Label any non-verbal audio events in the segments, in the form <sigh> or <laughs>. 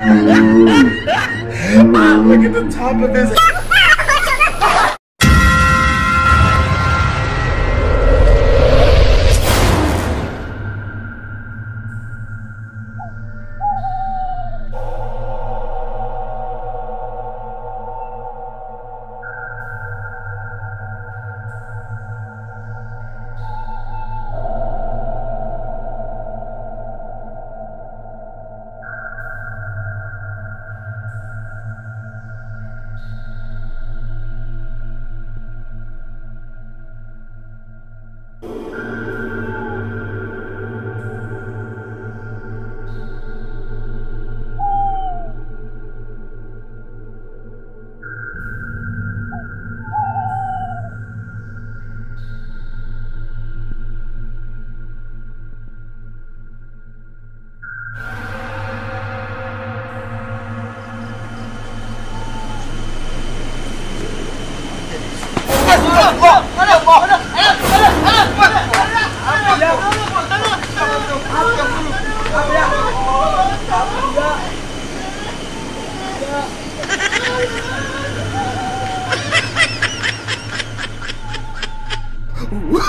ah, <laughs> look at the top of his.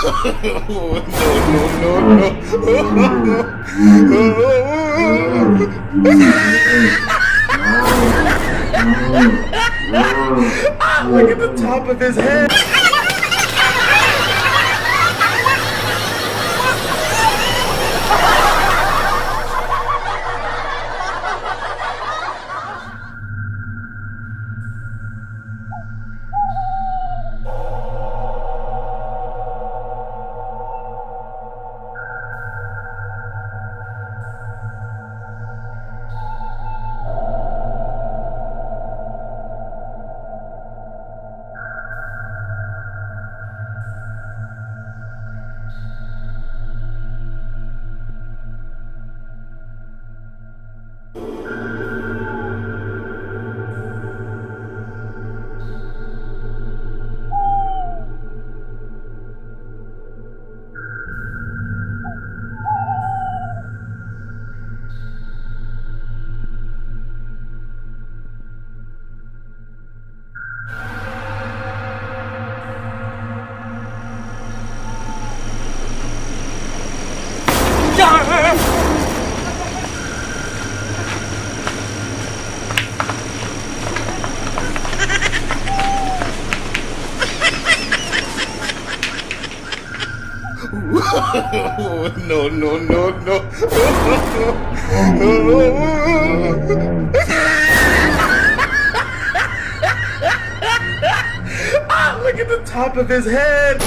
<laughs> Look at the top of his head. no, no, no, no. <laughs> ah, look at the top of his head.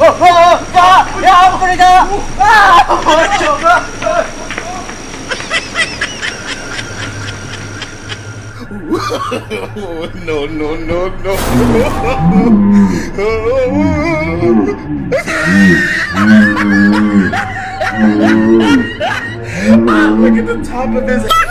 야, 꼬리가! 아! 어쩌가! no, no, no, no. Look at the top of this.